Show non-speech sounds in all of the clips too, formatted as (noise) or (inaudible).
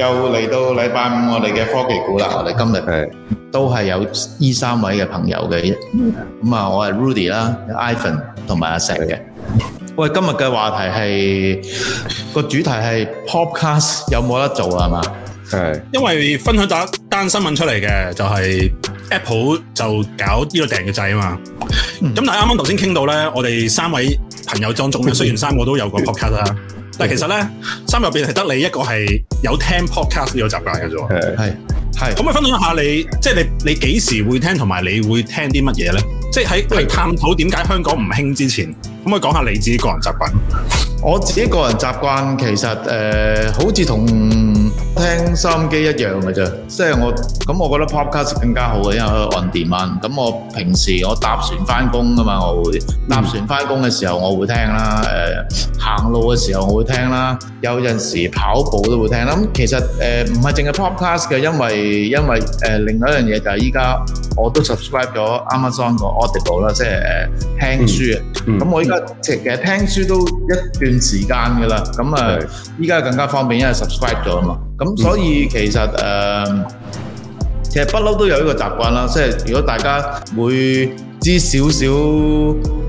又嚟到禮拜五，我哋嘅科技估啦，我哋今日都係有呢三位嘅朋友嘅，咁啊，我係 Rudy 啦，有 Ivan 同埋阿石嘅。我哋，今日嘅話題係個主題係 Podcast 有冇得做啊？係嘛？係，因為分享咗一單新聞出嚟嘅，就係 Apple 就搞呢個訂閱制啊嘛。咁但係啱啱頭先傾到咧，我哋三位朋友當中咧，雖然三個都有個 Podcast 啊。嗱，但其實咧，三入邊係得你一個係有聽 Podcast 呢個習慣嘅啫。係係係。咁可，可以分享一下你，即係你你幾時會聽，同埋你會聽啲乜嘢咧？即係喺去探討點解香港唔興之前，可唔可以講下你自己個人習慣？我自己個人習慣其實誒、呃，好似同，聽收音機一樣嘅啫，即係我咁，我覺得 podcast 更加好，因為佢 on demand。咁我平時我搭船返工噶嘛，我會搭船返工嘅時候我會聽啦，誒、嗯呃、行路嘅時候我會聽啦，有陣時跑步都會聽啦。咁其實誒唔、呃、係淨係 podcast 嘅，因為因為誒、呃、另外一樣嘢就係依家我都 subscribe 咗 Amazon 個 Audible 啦，即係誒聽書。咁、嗯嗯、我依家、嗯、其實聽書都一段時間噶啦，咁啊依家更加方便，因為 subscribe 咗啊嘛。咁所以其實誒、嗯呃，其實不嬲都有一個習慣啦，即係如果大家會知少少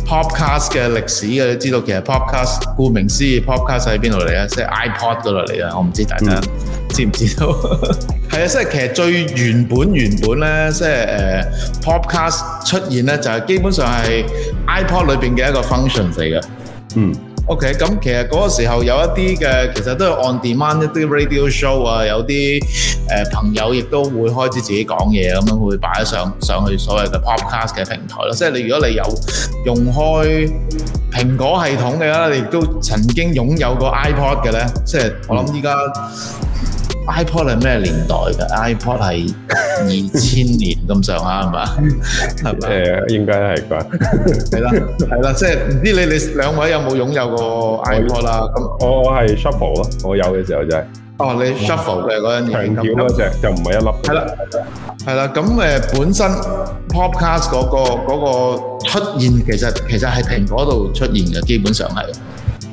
Podcast 嘅歷史嘅，你知道其實 Podcast 顧名思義，Podcast 喺邊度嚟啊？即係 iPod 度嚟啊！我唔知大家看看、嗯、知唔知道？係 (laughs) 啊，即係其實最原本原本咧，即係誒、uh, Podcast 出現咧，就係基本上係 iPod 裏邊嘅一個 function 嚟嘅。嗯。OK，咁其實嗰個時候有一啲嘅，其實都係 on demand 一啲 radio show 啊，有啲誒朋友亦都會開始自己講嘢咁樣會，會擺上上去所謂嘅 podcast 嘅平台咯。即係你，如果你有用開蘋果系統嘅咧，你亦都曾經擁有過 iPod 嘅咧。即係我諗依家。iPod 係咩年代嘅？iPod 係二千年咁上下係嘛？誒，應該係啩？係啦係啦，即係唔知你你兩位有冇擁有過 iPod 啦？咁我係 shuffle 咯，我有嘅時候就係。哦，你 shuffle 嘅嗰陣時，就一隻就唔係一粒。係啦係啦，咁誒本身 Podcast 嗰個嗰個出現，其實其實係蘋果度出現嘅，基本上係。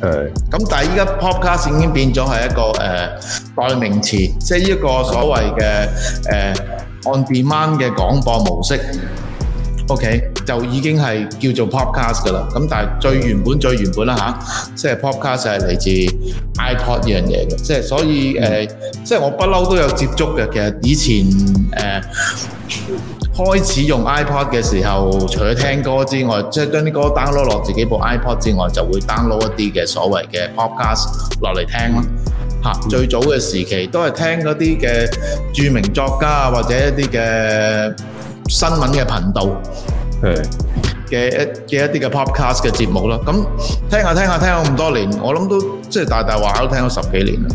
誒，咁、嗯、但係依家 podcast 已經變咗係一個誒、呃、代名詞，即係依一個所謂嘅誒、呃、on demand 嘅廣播模式，OK 就已經係叫做 podcast 噶啦。咁但係最原本最原本啦吓、啊，即係 podcast 就係嚟自 iPod 呢樣嘢嘅，即係所以誒、嗯呃，即係我不嬲都有接觸嘅。其實以前誒，呃 (laughs) 開始用 iPod 嘅時候，除咗聽歌之外，即係、嗯、將啲歌 download 落自己部 iPod 之外，就會 download 一啲嘅所謂嘅 podcast 落嚟聽咯。嚇、嗯，最早嘅時期都係聽嗰啲嘅著名作家或者一啲嘅新聞嘅頻道嘅、嗯、一嘅一啲嘅 podcast 嘅節目咯。咁聽下聽下聽咗咁多年，我諗都即係、就是、大大話都聽咗十幾年啦。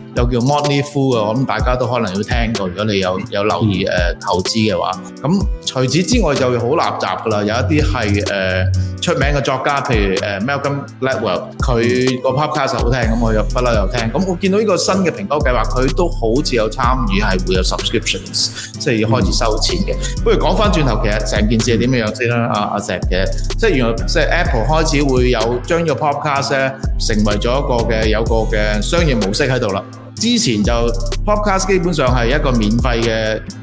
又叫 Motley Fool 嘅，咁大家都可能要聽過。如果你有有留意誒投資嘅話，咁除此之外就會好垃圾㗎喇。有一啲係誒出名嘅作家，譬如誒 Malcolm Gladwell，佢個 Podcast 好聽，咁我又不嬲又聽。咁我見到呢個新嘅蘋果計劃，佢都好似有參與，係會有 subscriptions，即係要開始收錢嘅。不如講翻轉頭，其實成件事係點樣先啦？阿阿 Sa，其實即係原來即係 Apple 開始會有將呢個 Podcast 咧成為咗一個嘅有個嘅商業模式喺度啦。之前就 Podcast 基本上係一個免費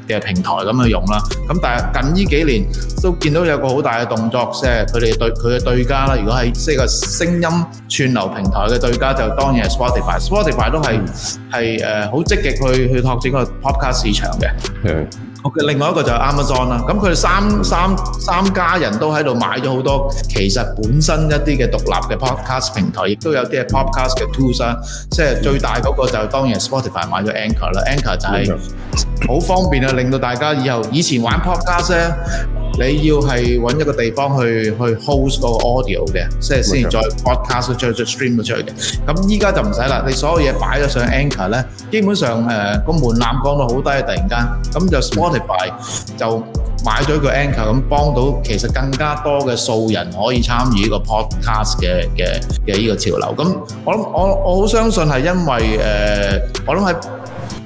嘅平台咁去用啦。咁但係近呢幾年都見到有個好大嘅動作，即係佢哋對佢嘅對家啦。如果係即係個聲音串流平台嘅對家，就當然係 Spotify Sp，Spotify 都係係誒好積極去去拓展個 Podcast 市場嘅。嗯我嘅另外一個就係 Amazon 啦，咁佢哋三三三家人都喺度買咗好多，其實本身一啲嘅獨立嘅 podcast 平台，亦都有啲係 podcast 嘅 tools 啦，即係最大嗰個就係當然 Spotify 買咗 Anchor 啦，Anchor 就係好方便啊，令到大家以後以前玩 podcast 嘅。你要係揾一個地方去去 host 個 audio 嘅，即係先至再 podcast 再再 stream 咗出去嘅。咁依家就唔使啦，你所有嘢擺咗上 anchor 咧，基本上誒個門檻降到好低，突然間咁就 Spotify 就買咗一個 anchor，咁幫到其實更加多嘅素人可以參與呢個 podcast 嘅嘅嘅呢個潮流。咁我諗我我好相信係因為誒，我諗係。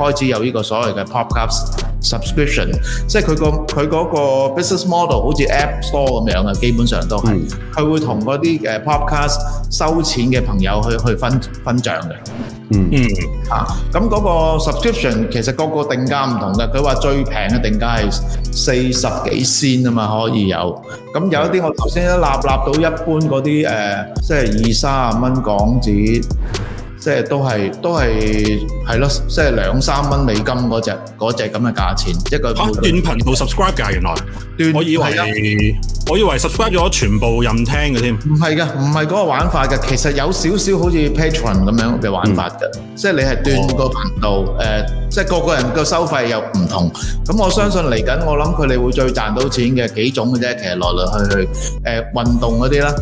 開始有呢個所謂嘅 podcast subscription，即係佢個佢嗰個 business model 好似 app store 咁樣嘅，基本上都係佢、嗯、會同嗰啲誒 podcast 收錢嘅朋友去去分分賬嘅。嗯嗯啊，咁嗰個 subscription 其實個個定價唔同嘅，佢話最平嘅定價係四十幾仙啊嘛，可以有。咁有一啲我頭先一立立到一般嗰啲誒，即係二三十蚊港紙，即係都係都係係咯，即係兩三蚊美金嗰隻嗰隻咁嘅價錢一個嚇。斷頻道 subscribe 㗎原來，斷我以為我以為 subscribe 咗全部任聽嘅添。唔係嘅，唔係嗰個玩法嘅。其實有少少好似 Patreon 咁樣嘅玩法嘅，即係你係斷個頻道誒，即係個個人嘅收費又唔同。咁我相信嚟緊，我諗佢哋會最賺到錢嘅幾種嘅啫。其實來來去去誒運動嗰啲啦。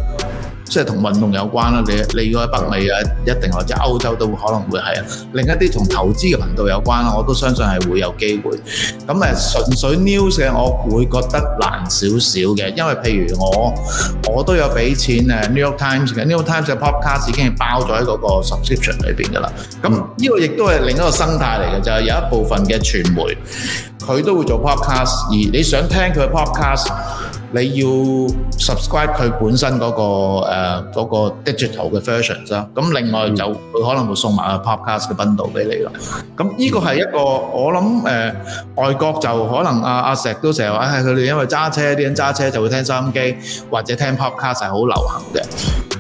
即係同運動有關啦，你你要喺北美啊，一定或者歐洲都可能會係啊。另一啲同投資嘅頻道有關啦，我都相信係會有機會。咁誒純粹 news 嘅，我會覺得難少少嘅，因為譬如我我都有俾錢誒 New York Times 嘅，New York Times 嘅 podcast 已經係包咗喺嗰個 subscription 裏邊㗎啦。咁呢個亦都係另一個生態嚟嘅，就係有一部分嘅傳媒佢都會做 podcast，而你想聽佢嘅 podcast。你要 subscribe 佢本身嗰個誒嗰個 digital 嘅 versions 啦，咁另外就佢可能會送埋個 podcast 嘅 bundle 俾你咯。咁依個係一個我諗誒外國就可能啊，阿石都成日話唉，佢哋因為揸車，啲人揸車就會聽收音機或者聽 podcast，係好流行嘅。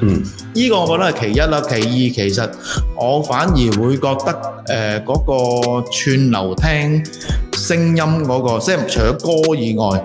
嗯，依個我覺得係其一啦，其二其實我反而會覺得誒嗰個串流聽聲音嗰個，即係除咗歌以外。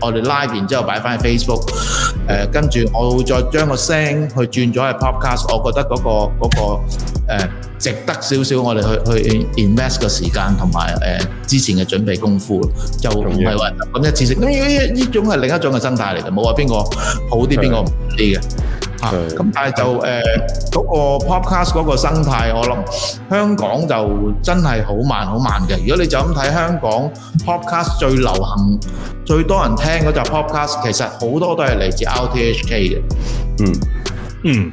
我哋拉完之後擺翻去 Facebook，誒、呃、跟住我會再將個聲去轉咗去 Podcast，我覺得嗰個嗰個呃、值得少少，我哋去去 invest 個時間同埋誒之前嘅準備功夫，就唔係話咁一次性。咁呢呢呢種係另一種嘅生態嚟嘅，冇話邊個好啲，邊個唔好啲嘅。嚇！咁但係就誒嗰個 podcast 嗰個生態，我諗香港就真係好慢好慢嘅。如果你就咁睇香港 podcast 最流行最多人聽嗰隻 podcast，其實好多都係嚟自 RTHK 嘅。嗯嗯。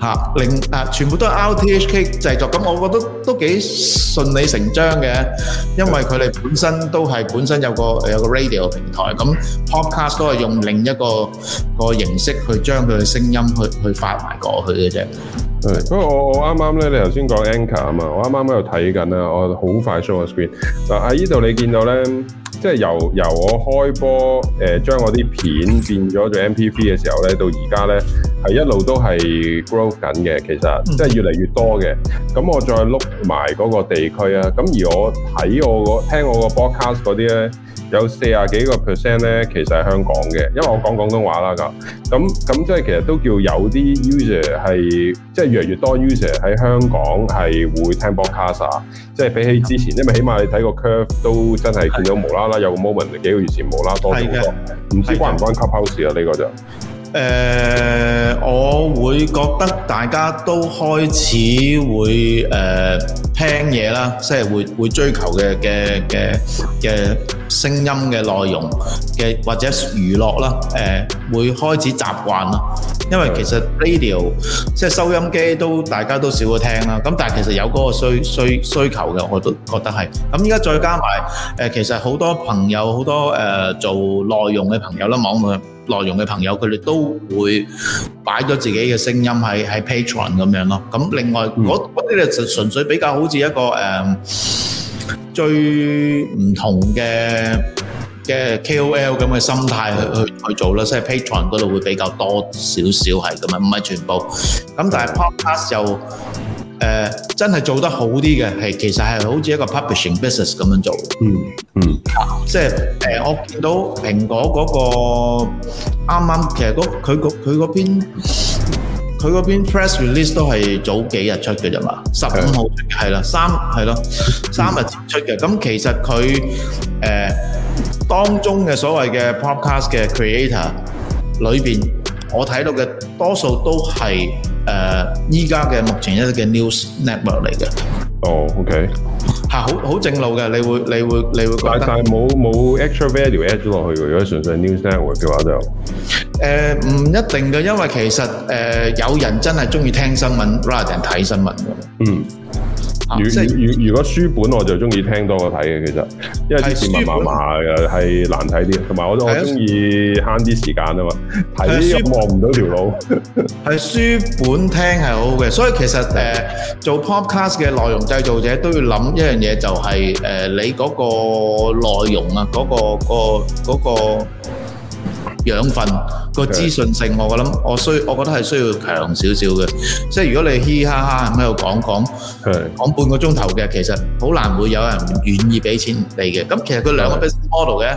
吓，另啊，全部都係 RTHK 製作，咁我覺得都幾順理成章嘅，因為佢哋本身都係本身有個有個 radio 平台，咁 podcast 都係用另一個個形式去將佢嘅聲音去去發埋過去嘅啫。係，不過我我啱啱咧，你頭先講 anchor 啊嘛，我啱啱喺度睇緊啦，我好快 show 個 screen。嗱，啊，呢度你見到咧，即係由由我開波誒，將我啲片變咗做 MPV 嘅時候咧，到而家咧。係一路都係 growth 緊嘅，其實即係越嚟越多嘅。咁、嗯、我再 look 埋嗰個地區啊，咁而我睇我個聽我個 broadcast 嗰啲咧，有四十幾個 percent 咧，其實係香港嘅，因為我講廣東話啦㗎。咁咁即係其實都叫有啲 user 係即係、就是、越嚟越多 user 喺香港係會聽 broadcast 啊。即係比起之前，嗯、因為起碼你睇個 curve 都真係見到無啦啦有個 moment，幾個月前無啦多咗好多，唔的知關唔關 Clubhouse 啊？呢、呢個就。誒、呃，我會覺得大家都開始會誒、呃、聽嘢啦，即係會，會追求嘅嘅嘅嘅聲音嘅內容嘅或者娛樂啦，誒、呃、會開始習慣啦。因為其實 radio 即係收音機都大家都少咗聽啦，咁但係其實有嗰個需需需求嘅，我都覺得係。咁而家再加埋誒、呃，其實好多朋友好多誒、呃、做內容嘅朋友啦，網上。內容嘅朋友，佢哋都會擺咗自己嘅聲音喺喺 Patron 咁樣咯。咁另外，我我啲咧純純粹比較好似一個誒最唔同嘅嘅 KOL 咁嘅心態去去去做啦，所以 Patron 嗰度會比較多少少係咁樣，唔係全部。咁但係 Podcast 又。誒真係做得好啲嘅，係其實係好似一個 publishing business 咁樣做。嗯嗯，即係誒我見到蘋果嗰個啱啱，其實嗰佢嗰佢嗰邊佢嗰邊 press release 都係早幾日出嘅啫嘛，十五號出嘅係啦，三係咯，三日出嘅。咁其實佢誒當中嘅所謂嘅 podcast 嘅 creator 裏邊，我睇到嘅多數都係。誒依家嘅目前一啲嘅 news network 嚟嘅，哦，OK，嚇，好好正路嘅，你會你會你會覺得，但係冇冇 extra value add 咗落去喎，如果純粹 news network 嘅話就，誒唔一定嘅，因為其實誒有人真係中意聽新聞，rather than 睇新聞嘅，嗯。如、啊、如果書本我就中意聽多過睇嘅其實，因為啲字密麻麻嘅係難睇啲，同埋我都好中意慳啲時間啊嘛，睇又望唔到條路。係。 (laughs) 書本聽係好好嘅，所以其實做 podcast 嘅內容製造者都要諗一樣嘢、就係，就、呃、係你嗰個內容啊，嗰、嗰個、嗰個嗰、嗰個養分。個資訊性我諗我需我覺得係需要強少少嘅，即係如果你嘻嘻哈哈咁喺度講講講半個鐘頭嘅，其實好難會有人願意俾錢你嘅。咁其實佢兩個 business model 嘅，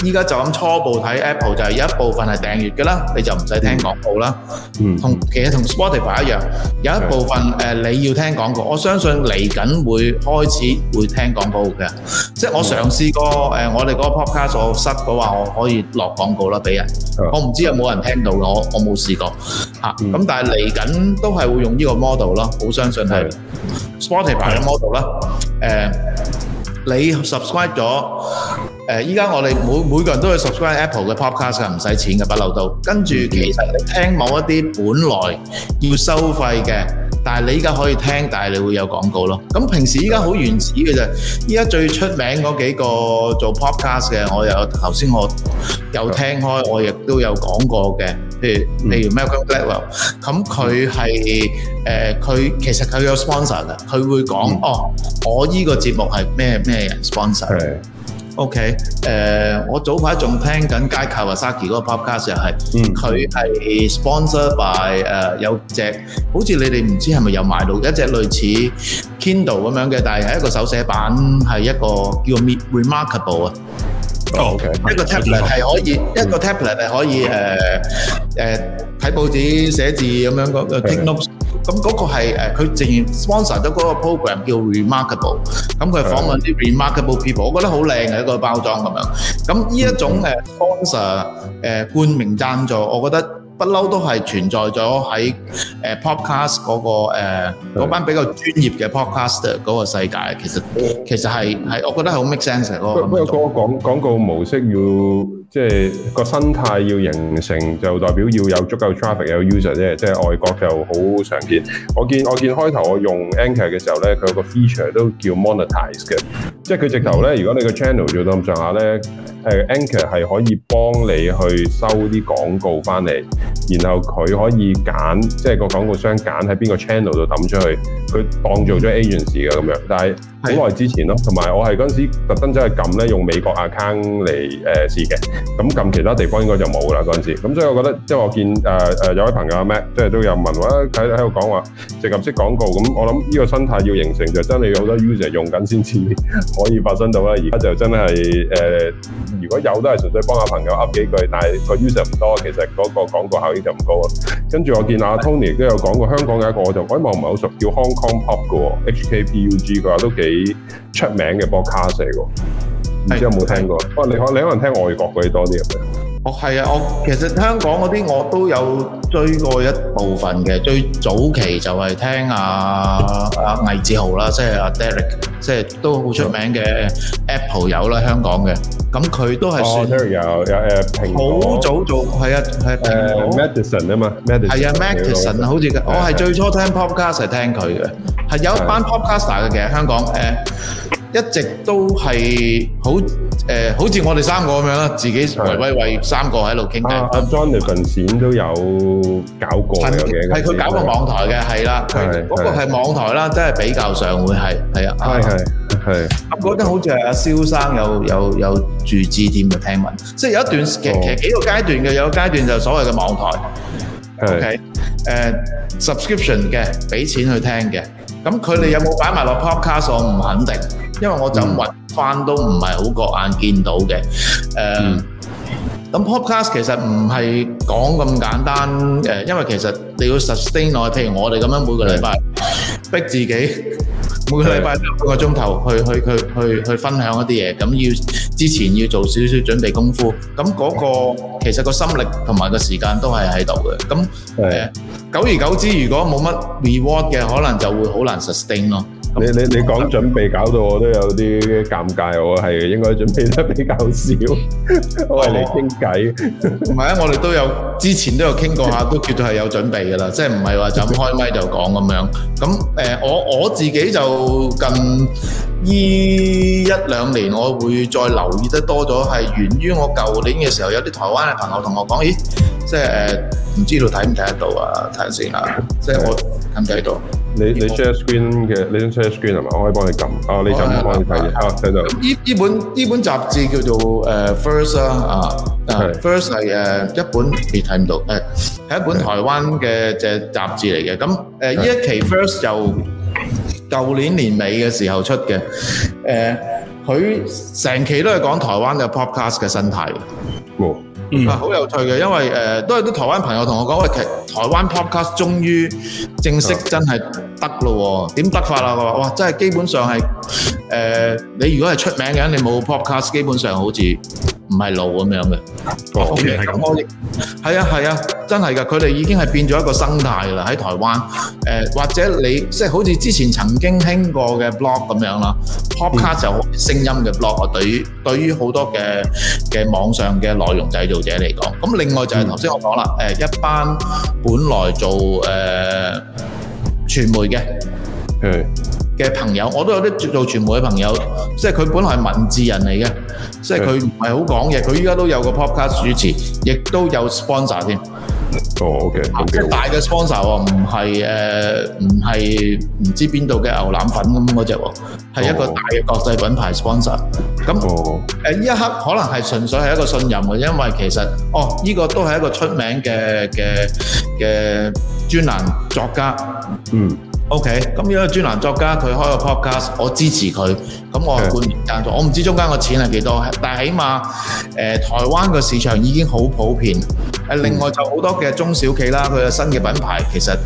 誒依家就咁初步睇 Apple 就係有一部分係訂閲嘅啦，你就唔使聽廣告啦。同其實同 Spotify 一樣，有一部分誒你要聽廣告，我相信嚟緊會開始會聽廣告嘅。即係我嘗試過誒，我哋嗰個 podcast 室嘅話，我可以落廣告啦，俾人。我唔知有冇人聽到嘅，我我冇試過嚇。咁但係嚟緊都係會用呢個 model 咯，我相信係 Spotify 嘅 model 啦。誒，你 subscribe 咗誒？依家我哋每每個人都會 subscribe Apple 嘅 podcast 係唔使錢嘅，不漏到。跟住其實你聽某一啲本來要收費嘅。但係你依家可以聽，但係你會有廣告咯。咁平時依家好原始嘅啫。依家最出名嗰幾個做 podcast 嘅，我有頭先我有聽開，我亦都有講過嘅，譬如譬如 Malcolm Gladwell，咁佢係誒佢其實佢有 sponsor 嘅，佢會講、嗯、哦，我依個節目係咩咩人 sponsor。Right. OK，誒，我早排仲聽緊 Jack 和 Saki 嗰個 podcast 又係，佢係 sponsor by 誒有隻好似你哋唔知係咪有買到一隻類似 Kindle 咁樣嘅，但係係一個手寫板，係一個叫做 Remarkable 啊，OK，一個 tablet 係可以，一個 tablet 係可以誒誒睇報紙寫字咁樣個 notebook。咁嗰個係佢竟然 sponsor 咗嗰個 program，叫 Remarkable，咁佢訪問啲 Remarkable people，我覺得好靚嘅一個包裝咁樣。咁呢一種誒 sponsor 誒冠名贊助，我覺得不嬲都係存在咗喺誒 podcast 嗰個嗰班比較專業嘅 podcaster 嗰個世界。其實其實係係，我覺得係好 make sense 咯。不過個廣告模式要？即係個生態要形成，就代表要有足夠 traffic，有 user 啫。即係外國就好常見。我見我見開頭我用 Anchor 嘅時候咧，佢有個 feature 都叫 monetize 嘅，即係佢直頭咧，如果你個 channel 做到咁上下咧，誒 Anchor 係可以幫你去收啲廣告翻嚟，然後佢可以揀，即係個廣告商揀喺邊個 channel 度抌出去，佢當做咗 agency 嘅咁樣。但係好耐之前咯，同埋我係嗰陣時特登走去撳咧，用美國 account 嚟誒試嘅。呃呃呃咁撳其他地方應該就冇啦嗰陣時，咁所以我覺得，即係我見誒誒、呃、有位朋友阿 Matt 即係都有問，或者喺喺度講話植入式廣告，咁我諗呢個生態要形成就是、真係要好多 user 用緊先至可以發生到啦。而家就真係誒、呃，如果有都係純粹幫下朋友噏幾句，但係個 user 唔多，其實嗰、那個、個廣告效益就唔高啊。跟住我見阿 Tony 都有講過香港有一個，我就我威望唔係好熟，叫 Hong Kong Pop 嘅 HKPUG，佢話都幾出名嘅 podcast 嚟喎。唔知有冇聽過？哇！你可你可能聽外國嗰啲多啲咁樣。我係啊！我其實香港嗰啲我都有追過一部分嘅。最早期就係聽阿阿魏志豪啦，即係阿 Derek，即係都好出名嘅 Apple 友啦，香港嘅。咁佢都係算。哦，Derek 有有誒，好早做係啊係誒。Medicine 啊嘛，係啊，Medicine 啊，好似嘅。我係最初聽 Podcast 聽佢嘅，係有一班 Podcast 嘅其實香港誒。一直都係好誒，好似我哋三個咁樣啦，自己威威威三個喺度傾偈。阿 Jonathan 先都有搞過嘅，係佢搞個網台嘅，係啦，嗰個係網台啦，真係比較上會係係啊，係係。我覺得好似阿蕭生有有有住字店嘅聽聞，即係有一段其其實幾個階段嘅，有個階段就所謂嘅網台，OK 誒 subscription 嘅，俾錢去聽嘅，咁佢哋有冇擺埋落 podcast，我唔肯定。因為我就雲翻都唔係好覺眼見到嘅，誒，咁 podcast 其實唔係講咁簡單嘅，因為其實你要 sustain 落，譬如我哋咁樣每個禮拜逼自己每個禮拜都兩個鐘頭去去去去去分享一啲嘢，咁要之前要做少少準備功夫，咁嗰個其實個心力同埋個時間都係喺度嘅，咁久而久之，如果冇乜 reward 嘅，可能就會好難 sustain 咯。你你你講準備搞到我都有啲尷尬，我係應該準備得比較少，我係嚟傾偈。唔係啊，我哋都有之前都有傾過下，都絕對係有準備噶啦，即係唔係話就開咪就講咁樣。咁誒，我我自己就近呢一兩年，我會再留意得多咗，係源於我舊年嘅時候，有啲台灣嘅朋友同我講，咦？即係誒，唔知道睇唔睇得到啊？睇下先啊。即係我睇唔睇到？你你 share screen 嘅，你都 share screen 係咪？我可以幫你撳。哦，你請我幫你睇嘅。睇到。呢呢本呢本雜誌叫做誒 First 啦，啊，First 係誒一本你睇唔到。誒係一本台灣嘅嘅雜誌嚟嘅。咁誒呢一期 First 就舊年年尾嘅時候出嘅。誒，佢成期都係講台灣嘅 podcast 嘅生態。哦。好、mm hmm. 啊、有趣嘅，因為、呃、都有啲台灣朋友同我講，喂，台灣 podcast 終於正式真係得咯喎，點、啊、得法啊？我話，哇，真係基本上係、呃、你如果係出名嘅，你冇 podcast，基本上好似唔係路咁樣嘅。哦，原來係咁，係啊，係啊。真係噶，佢哋已經係變咗一個生態啦。喺台灣誒，或者你即係好似之前曾經興過嘅 blog 咁樣啦，Podcast 就好聲音嘅 blog。對於對於好多嘅嘅網上嘅內容製造者嚟講，咁另外就係頭先我講啦，誒一班本來做誒傳媒嘅嘅朋友，我都有啲做傳媒嘅朋友，即係佢本來係文字人嚟嘅，即係佢唔係好講嘢。佢依家都有個 Podcast 主持，亦都有 sponsor 添。Oh, okay. Okay. 是大嘅 sponsor 喎，唔係誒，唔係唔知邊度嘅牛腩粉咁嗰隻，係一個大嘅國際品牌 sponsor。咁，呢、oh. 一刻可能係純粹係一個信任，因為其實哦呢、這個都係一個出名嘅嘅嘅專欄作家，嗯。O.K. 咁呢個專欄作家佢開個 podcast，我支持佢，咁我係冠名贊助。的我唔知中間個錢係幾多，但係起碼，呃，台灣個市場已經好普遍。另外就好多嘅中小企啦，佢有新嘅品牌其實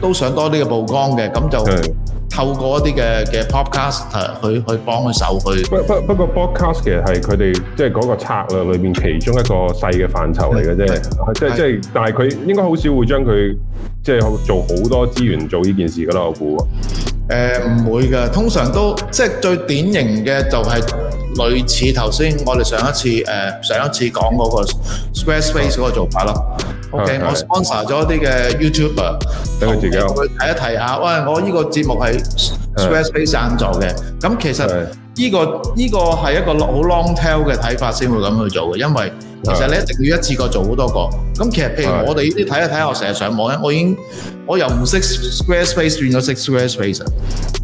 都想多啲嘅曝光嘅，咁就。透過一啲嘅嘅 podcast 去去幫佢手去，不不不過 podcast 其實係佢哋即係嗰個策略裏面其中一個細嘅範疇嚟嘅啫，即係即係，但係佢應該好少會將佢即係做好多資源做呢件事噶啦，我估。誒唔、呃、會嘅，通常都即係、就是、最典型嘅就係類似頭先我哋上一次誒、呃、上一次講嗰個 Square Space 嗰個做法啦。OK，我 sponsor 咗一啲嘅 YouTuber，等佢自己去睇一睇啊。喂，我呢個節目係 Squarespace 贊助嘅。咁其實呢個呢個係一個好 long tail 嘅睇法先會咁去做嘅，因為其實你一定要一次過做好多個。咁其實譬如我哋呢啲睇一睇，我成日上網咧，我已經我又唔識 Squarespace，變咗識 Squarespace。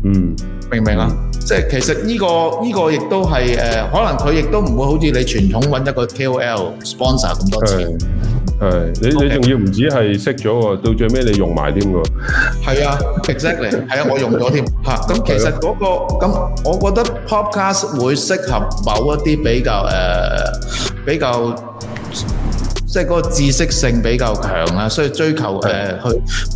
嗯，明唔明啊？即係其實呢個呢個亦都係誒，可能佢亦都唔會好似你傳統揾一個 KOL sponsor 咁多錢。係，你你仲要唔止係識咗喎，到最尾你用埋添喎。係 (laughs) 啊，exactly 係啊，我用咗添。咁其實嗰、嗰個咁， (laughs) 我覺得 podcast 會適合某一啲比較誒比較，呃比較即係嗰個知識性比較強啦，所以追求誒的去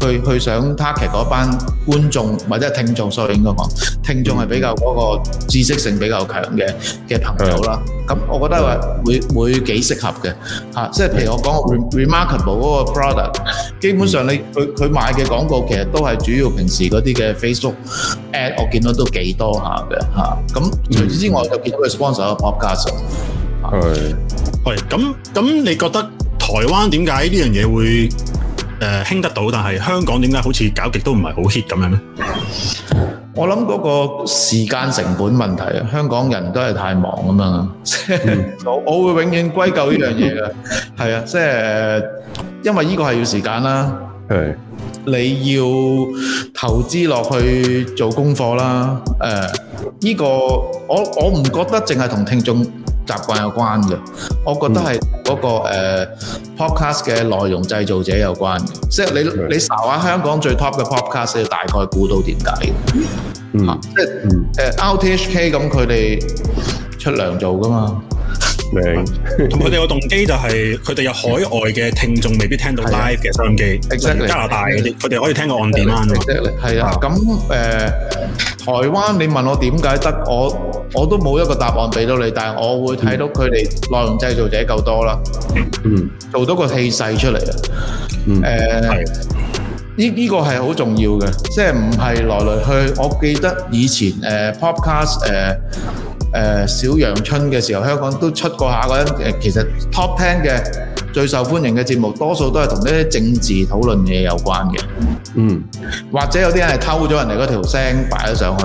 去去想 target 嗰班觀眾或者係聽眾，所以應該講聽眾係比較嗰個知識性比較強嘅嘅朋友啦。咁的我覺得話會的會幾適合嘅嚇、啊。即係譬如我講 remarkable 嗰個 product，基本上你佢佢買嘅廣告其實都係主要平時嗰啲嘅 Facebook ad，我見到都幾多下嘅嚇。咁、啊、除此之外，就的見到 sponsor 嘅 Podcast，係係咁咁，你覺得？ (music) (music) 台灣點解呢樣嘢會誒興得到，但係香港點解好似搞極都唔係好 hit 咁樣咧？我諗嗰個時間成本問題啊，香港人都係太忙啊嘛，我我會永遠歸咎呢樣嘢嘅，係啊，即係因為呢個係要時間啦，你要投資落去做功課啦，誒呢個我我唔覺得淨係同聽眾。習慣有關嘅，我覺得係嗰、那個誒、uh, podcast 嘅內容製造者有關嘅，即係你你查下香港最 top 嘅 podcast，你大概估到點解，嗯，即係 RTHK 咁，佢哋、嗯嗯啊、出糧做㗎嘛，明？同佢哋個動機就係佢哋有海外嘅聽眾，未必聽到 live 嘅收音機，exactly, 加拿大嗰啲，佢哋 Exactly, 可以聽個 on demand 啊，係啊。咁、呃、台灣，你問我點解得我？我都冇一個答案俾到你，但係我會睇到佢哋內容製造者夠多啦，嗯，做到個氣勢出嚟啊，嗯，誒、呃，呢呢個係好重要嘅，即係唔係來來去，我記得以前誒、uh, Podcast 誒、uh, 誒、uh, 小陽春嘅時候，香港都出過下嗰陣，其實 Top Ten 嘅最受歡迎嘅節目，多數都係同呢啲政治討論嘢有關嘅，嗯，或者有啲人係偷咗人哋嗰條聲擺咗上去。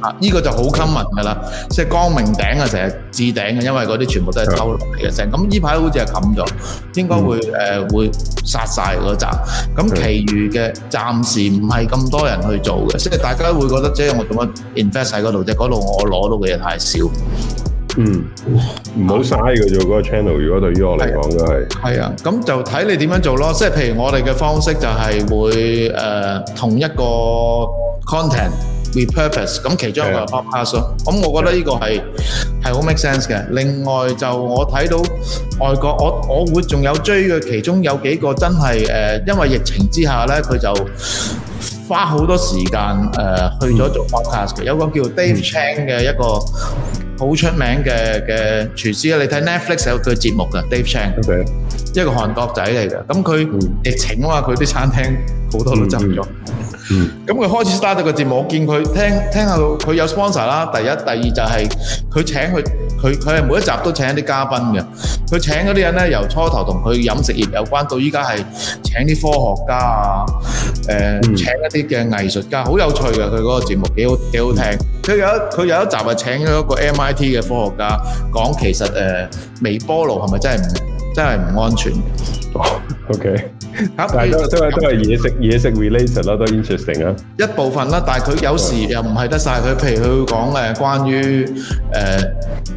啊！依個就好 common 噶啦，即係光明頂啊，成日置頂嘅，因為嗰啲全部都係偷嚟嘅聲。咁依排好似係冚咗，應該會誒會殺曬嗰集。咁，其餘嘅暫時唔係咁多人去做嘅，即係大家會覺得，即係我做緊 invest 喺嗰度，即係嗰度我攞到嘅嘢太少。嗯，唔好嘥嘅啫，嗰個 channel。如果對於我嚟講，都係係啊。咁就睇你點樣做咯。即係譬如我哋嘅方式就係會誒同一個 content。repurpose，咁其中一個 podcast 咯，咁我覺得呢個係係好 make sense 嘅。另外就我睇到外國，我我會仲有追嘅，其中有幾個真係誒，因為疫情之下咧，佢就花好多時間誒去咗做 podcast。有個叫 Dave Chang 嘅一個。好出名嘅嘅廚師啊！你睇 Netflix 有佢嘅節目㗎，Dave Chang，一個韓國仔嚟嘅。咁佢疫情啊嘛，佢啲餐廳好多都執咗。嗯。咁佢開始 start 個節目，我見佢聽聽下，佢有 sponsor 啦。第一、第二就係佢請佢佢佢係每一集都請一啲嘉賓嘅。佢請嗰啲人咧，由初頭同佢飲食業有關，到依家係請啲科學家啊，誒請一啲嘅藝術家，好有趣嘅佢嗰個節目，幾好幾好聽。佢有佢有一集係請咗一個 MI。I T 嘅科學家講，其實誒微波爐係咪真係唔真係唔安全？O K，嚇，都係都係嘢食嘢食 relation 啦，都 interesting 啊！一部分啦，但係佢有時又唔係得晒。佢譬如佢會講誒關於誒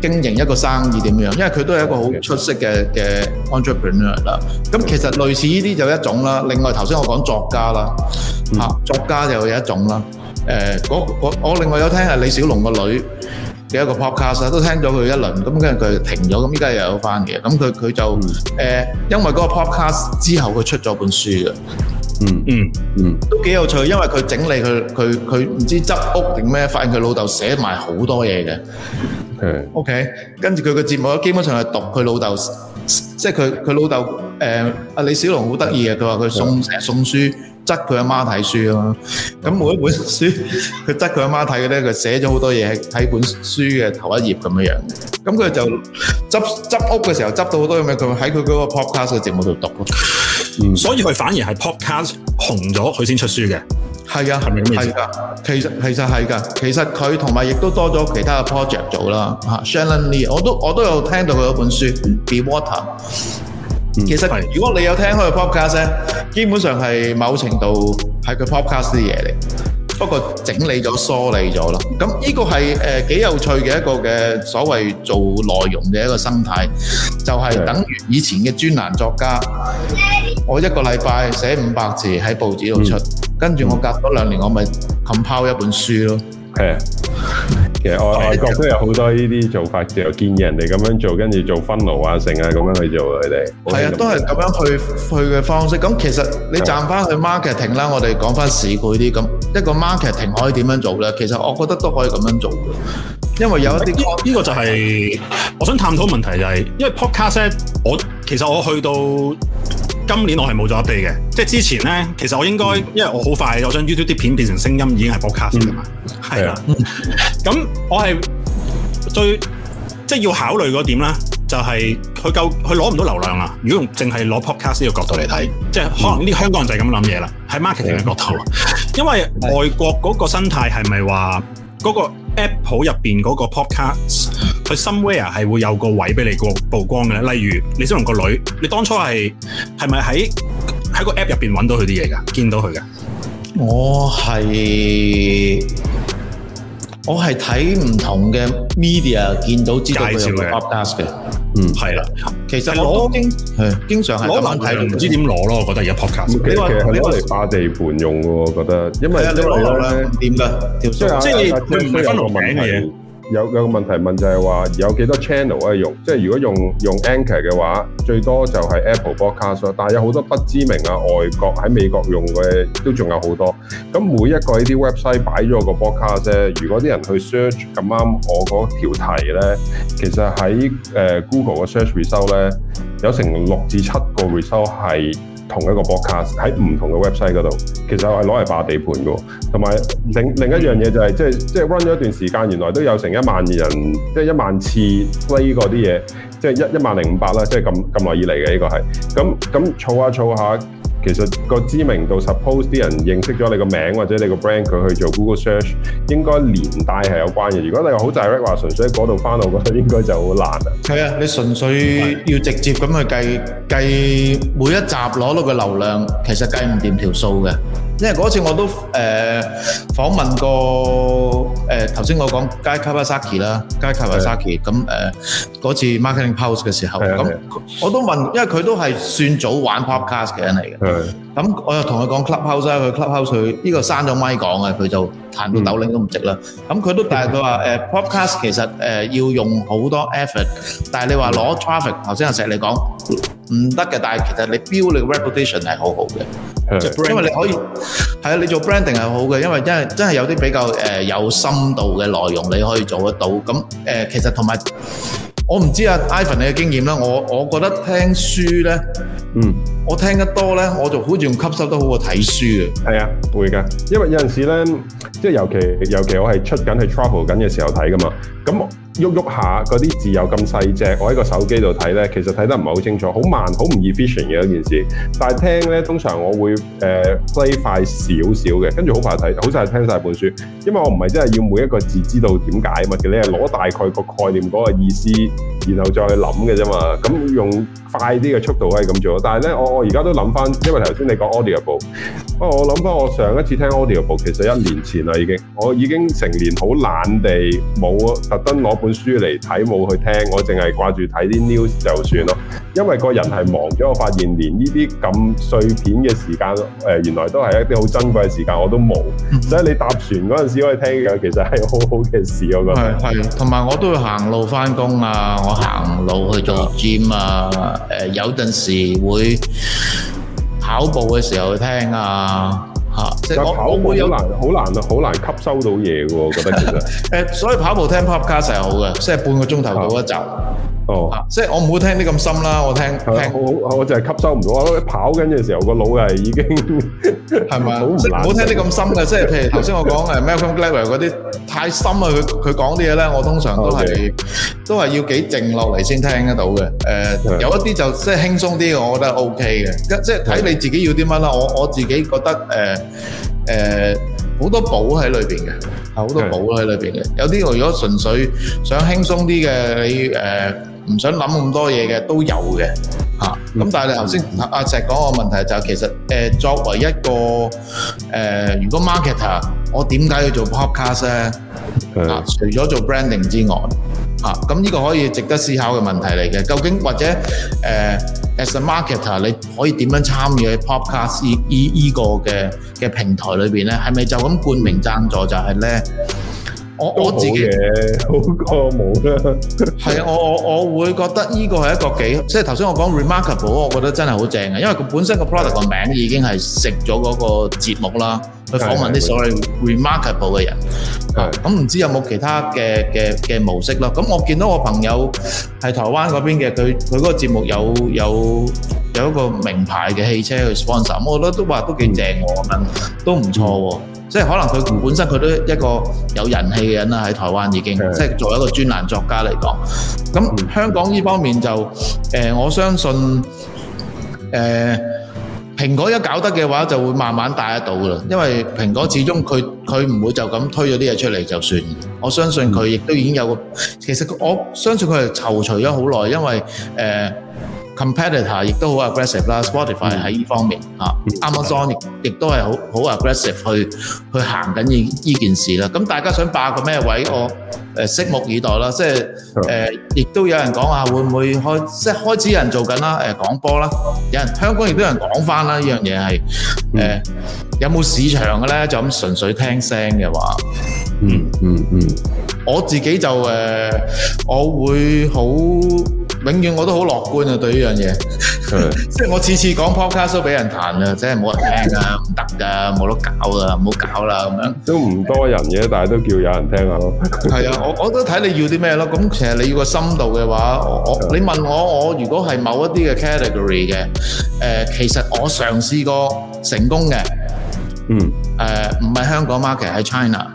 經營一個生意點樣，因為佢都係一個好出色嘅嘅 entrepreneur 啦。咁其實類似呢啲就一種啦。另外頭先我講作家啦，嚇作家就有一種啦。誒，我我另外有聽係李小龍個女。嘅一個 podcast 都聽咗佢一輪，咁跟住佢停咗，咁依家又有返嘅。咁佢佢就誒，因為嗰個 podcast 之後佢出咗本書嘅。嗯嗯嗯，都幾有趣，因為佢整理佢佢佢唔知執屋定咩，發現佢老豆寫埋好多嘢嘅。誒 OK，跟住佢嘅節目咧，基本上係讀佢老豆，即係佢佢老豆誒，阿李小龍好得意嘅，佢話佢送送書。執佢阿媽睇書啊嘛。咁每一本書佢執佢阿媽睇嘅咧，佢寫咗好多嘢喺本書嘅頭一頁咁樣樣。咁佢就執執屋嘅時候執到好多嘢，佢喺佢嗰個 Podcast 嘅節目度讀咯。嗯，所以佢反而係 Podcast 紅咗，佢先出書嘅。係啊的，係咪咁意思？係噶，其實其實係噶，其實佢同埋亦都多咗其他嘅 project 做啦。嚇、嗯、Shannon Lee，我都我都有聽到佢嗰本書《Be Water》。其實如果你有聽開個 podcast 咧，基本上係某程度係佢 podcast 啲嘢嚟，不過整理咗、梳理咗咯。咁呢個係誒幾有趣嘅一個嘅所謂做內容嘅一個生態，就係等於以前嘅專欄作家，我一個禮拜寫五百字喺報紙度出，跟住我隔多兩年我咪 compile 一本書咯。其實外外國都有好多呢啲做法，就建議人哋咁樣做，跟住做分帳啊，成啊咁樣去做佢哋。係啊，都係咁樣去去嘅方式。咁其實你站翻去 marketing 啦，我哋講翻市區啲咁一個 marketing 可以點樣做咧？其實我覺得都可以咁樣做，因為有一啲呢個就係我想探討嘅問題就係，因為 podcast 我其實我去到。今年我係冇咗一地嘅，即係之前呢，其實我應該，嗯、因為我好快我將 YouTube 啲片變成聲音，已經係 podcast 㗎嘛。係啦，咁我係最即係要考慮嗰點啦，就係佢夠佢攞唔到流量啊！如果用淨係攞 podcast 呢個角度嚟睇，嗯、的即係可能啲香港人就係咁諗嘢啦，喺 marketing 嘅角度，因為外國嗰個生態係咪話嗰個 Apple 入邊嗰個 podcast？佢 somewhere 係會有個位俾你個曝光嘅咧，例如李小龍個女，你當初係係咪喺喺個 app 入邊揾到佢啲嘢噶，見到佢嘅？我係我係睇唔同嘅 media 見到知道佢有個 update 嘅，嗯，係啦。其實我都經經常係咁。嗰問題唔知點攞咯，我覺得而家 Podcast。你話你攞嚟霸地盤用喎，我覺得因為因為攞咧掂㗎，條線即係你唔分紅餅嘅嘢。有有個問題問就係、是、話有幾多 channel 可以用？即係如果用用 Anchor 嘅話，最多就係 Apple Podcast。但係有好多不知名嘅，外國喺美國用嘅都仲有好多。咁每一個呢啲 website 擺咗個 podcast 啫。如果啲人去 search 咁啱我嗰條題呢，其實喺、呃、Google 嘅 search result 呢，有成六至七個 result 係。同一個 b r o a d c 喺唔同嘅 website 嗰度，其實係攞嚟霸地盤嘅，同埋另另一樣嘢就係即係即係 run 咗一段時間，原來都有成一萬人，即、就、係、是、一萬次 p l a y e 嗰啲嘢，即、就、係、是、一一萬零五百啦，即係咁咁耐以嚟嘅呢個係咁咁儲下儲下。其實個知名度，suppose 啲人認識咗你個名或者你個 brand，佢去做 Google search，應該連帶係有關嘅。如果你話好 direct 話，純粹喺嗰度翻到，咁應該就好難啦。係啊，你純粹要直接咁去計計每一集攞到嘅流量，其實計唔掂條數嘅。因為嗰次我都誒訪、呃、問過誒頭先我講 Guy Kawasaki 啦，Guy Kawasaki 咁誒嗰次 marketing post 嘅時候的，我都問，因為佢都係算早玩 podcast 嘅人嚟嘅，咁的我又同佢講 Clubhouse 佢 Clubhouse 佢呢、這個閂咗咪講嘅，佢就。彈到豆領都唔值啦，咁佢都，但係佢話誒 Podcast 其實誒要用好多 effort，但係你話攞 traffic，頭先阿石你講唔得嘅，但係其實你 build 你個 reputation 係好好嘅，因為你可以係啊，你做 branding 係好嘅，因為真係真係有啲比較誒有深度嘅內容你可以做得到，咁誒其實同埋。我唔知啊，Ivan 你嘅經驗啦，我我覺得聽書呢，嗯，我聽得多呢，我就好似用吸收得好過睇書嘅。係啊，會㗎，因為有陣時呢，即尤其尤其我係出緊去 travel 緊嘅時候睇㗎嘛。喐喐下嗰啲字又咁細隻，我喺個手機度睇咧，其實睇得唔係好清楚，好慢，好唔 efficient 嘅一件事。但係聽咧，通常我會誒 play、呃、快少少嘅，跟住好快睇，好快聽晒本書，因為我唔係真係要每一個字知道點解啊嘛，其實你係攞大概個概，概念嗰個意思，然後再去諗嘅啫嘛。咁用快啲嘅速度可以咁做，但係咧，我我而家都諗翻，因為頭先你講 Audible，我諗翻我上一次聽 Audible 其實一年前啦已經我已經成年好懶地冇特登攞本，書嚟睇，冇去聽，我淨係掛住睇啲 news 就算咯。因為個人係忙咗，我發現連呢啲咁碎片嘅時間，誒、呃，原來都係一啲好珍貴嘅時間，我都冇。 (laughs) 所以你搭船嗰陣時可以聽嘅，其實係好好嘅事。我係係，同埋我都會行路返工啊，我行路去做 gym 啊，誒的、呃，有陣時會跑步嘅時候去聽啊。啊！即係我跑步有難，好難啊，好難吸收到嘢嘅，我覺得。其實，誒，所以跑步聽 Podcast 係好嘅，即係半個鐘頭到一集。哦，即係我唔好聽啲咁深啦，我聽。係啊，我我就係吸收唔到啊！跑緊嘅時候個腦係已經係咪啊？即係唔好聽啲咁深嘅，即係譬如頭先我講誒，Malcolm Gladwell 嗰啲太深啊！佢佢講啲嘢咧，我通常都係都係要幾靜落嚟先聽得到嘅。誒，有一啲就即係輕鬆啲嘅，我覺得 OK 嘅。即係睇你自己要啲乜啦。我我自己覺得誒誒好多寶喺裏邊嘅，係好多寶喺裏邊嘅。有啲如果純粹想輕鬆啲嘅，你誒唔想諗咁多嘢嘅都有嘅。嚇，咁但係你頭先阿石講個問題就係，其實誒作為一個誒，如果 marketer，我點解要做 Podcast 咧？啊，除咗做 branding 之外。嚇！咁呢、啊這個可以值得思考嘅問題嚟嘅，究竟或者、呃、as a marketer，你可以點樣參與喺 Podcast 依依依個嘅平台裏面咧？係咪就咁冠名贊助就係呢？是我我自己好過冇啦，係啊，我我我會覺得呢個係一個幾，即係頭先我講 Remarkable，我覺得真係好正嘅，因為佢本身個 product 個名已經係食咗嗰個節目啦，去訪問啲所謂 Remarkable 嘅人。咁唔知有冇其他嘅嘅嘅模式啦？咁我見到我朋友喺台灣嗰邊嘅，佢佢嗰個節目有有有一個名牌嘅汽車去 sponsor，我覺得都話都幾正喎，咁，都唔錯喎。即係可能佢本身佢都一個有人氣嘅人啦，喺台灣已經的即係作為一個專欄作家嚟講，咁香港呢方面就誒、呃、我相信誒蘋、呃、果一搞得嘅話就會慢慢帶得到噶啦，因為蘋果始終佢佢唔會就咁推咗啲嘢出嚟就算，我相信佢亦都已經有，的其實我相信佢係籌措咗好耐，因為誒。呃 competitor 亦都好 aggressive 啦，Spotify 喺呢方面嚇，Amazon 亦都係好好 aggressive 去去行緊呢呢件事啦。咁大家想霸個咩位？我誒拭目以待啦。即係誒，亦、呃、都有人講下會唔會開，即係開始有人做緊啦，誒、呃，講波啦，有人香港亦都有人講翻啦。呢樣嘢係誒，呃、有冇市場嘅咧？就咁純粹聽聲嘅話。嗯嗯嗯，我自己就誒、呃，我會好。永遠我都好樂觀啊！對呢樣嘢，即係我次次講 Podcast 都俾人彈啊，即係冇人聽啊，唔得㗎，冇得搞㗎，啊，唔好搞啦咁樣。都唔多人嘅，嗯、但係都叫有人聽下咯。係啊、嗯嗯，我我都睇你要啲咩咯。咁其實你要個深度嘅話，我的你問我，我如果係某一啲嘅 category 嘅，誒、呃，其實我嘗試過成功嘅，嗯，誒、呃，唔係香港 market 喺 China，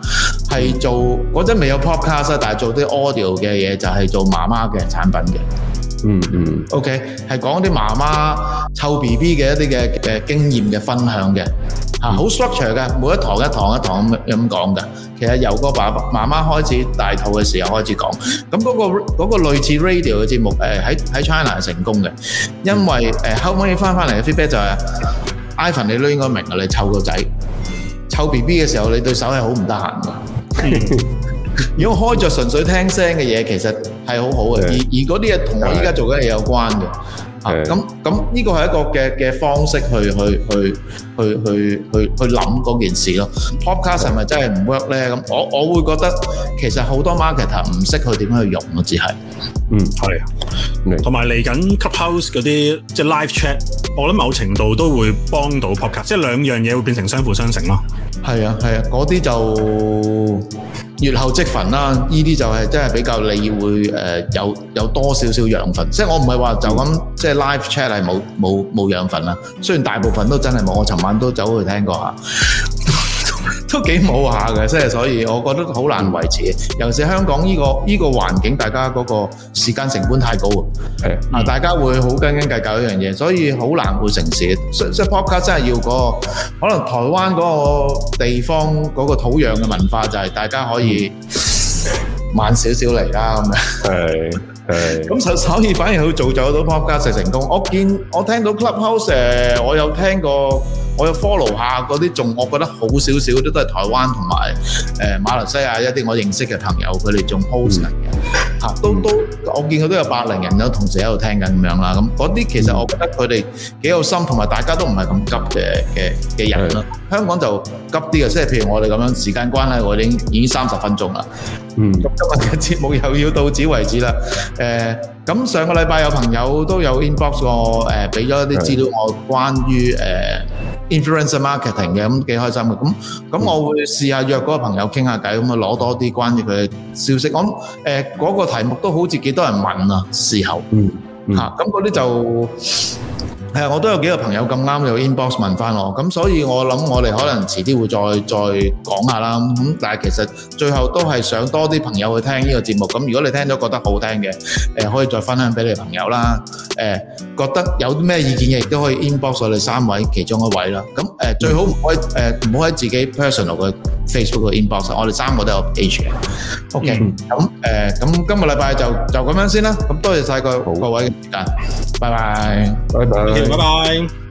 係做嗰陣未有，有 Podcast，但係做啲 audio 嘅嘢，就係、係、做媽媽嘅產品嘅。嗯嗯，OK，係講啲媽媽湊 B B 嘅一啲嘅誒經驗嘅分享嘅，吓好 structure 嘅，每一堂一堂一堂咁咁講嘅。其實由個爸爸媽媽開始大肚嘅時候開始講，咁嗰、嗰個嗰、嗰個類似 radio 嘅節目，誒喺喺 China 成功嘅，因為誒、嗯、後尾翻翻嚟嘅 feedback 就係、是、 (laughs) ，Ivan 你都應該明嘅啦，你湊個仔，湊 B B 嘅時候你對手係好唔得閒噶。 (laughs) (laughs) 如果開著純粹聽聲嘅嘢，其實係好好嘅。而而嗰啲嘢同我依家做緊嘢有關嘅。係。咁咁呢個係一個嘅嘅方式去去去去去去去諗嗰件事咯。Podcast 係咪真係唔 work 咧？咁我我會覺得其實好多 marketer 唔識去點樣去用咯，只係。嗯，係。同埋嚟緊 Clubhouse 嗰啲即係 live chat，我諗某程度都會幫到 podcast，即係兩樣嘢會變成相輔相成咯。係啊，係啊，嗰啲就。月後積分啦，依啲就係真係比較你會、呃、有，有多少少養分，即我唔係話就咁即係 live chat 係冇冇冇養分啦，雖然大部分都真係冇，我尋晚都走去聽過 (laughs) 都幾冇下嘅，即係所以，我覺得好難維持。尤其是香港依個依個環境，大家嗰個時間成本太高啊！係啊，大家會好斤斤計較一樣嘢，所以好難會成事。所以所以 Podcast 真係要個可能台灣嗰個地方嗰個土壤嘅文化，就係大家可以慢少少嚟啦咁樣。係。咁所以反而去造就到 Podcast 成功。我見我聽到 club house，我有聽過，我有 follow 下嗰啲，仲我覺得好少少，都係台灣同埋誒馬來西亞一啲我認識嘅朋友，佢哋仲 post 嘅、嗯。都都，嗯、我見佢都有百零人啦，同時喺度聽緊咁樣啦，咁嗰啲其實我覺得佢哋幾有心，同埋大家都唔係咁急嘅人，的香港就急啲嘅，即係譬如我哋咁樣，時間關啦，我已經已經三十分鐘啦。嗯，今日嘅節目又要到此為止啦。呃咁上個禮拜有朋友都有 inbox 過誒，俾咗啲資料我，關於誒 influencer marketing 嘅，咁幾開心嘅。咁咁我會試下約嗰個朋友傾下偈，咁啊攞多啲關於佢嘅消息。咁誒嗰個題目都好似幾多人問啊，時候嚇。咁嗰啲就。係、嗯、我都有幾個朋友咁啱有 inbox 問翻我，咁所以我諗我哋可能遲啲會再再講下啦。咁、嗯、但係其實最後都係想多啲朋友去聽呢個節目。咁、嗯、如果你聽咗覺得好聽嘅，誒、呃、可以再分享俾你朋友啦。誒、呃、覺得有啲咩意見嘅，亦都可以 inbox 我哋三位其中一位啦。咁、嗯嗯、最好唔可以誒唔好喺自己 personal 嘅。Facebook 和 inbox，我哋三個都有 a g e OK，咁、嗯嗯嗯、今個禮拜就就咁樣先啦。咁多謝曬各位嘅時間，拜拜，拜拜，拜拜。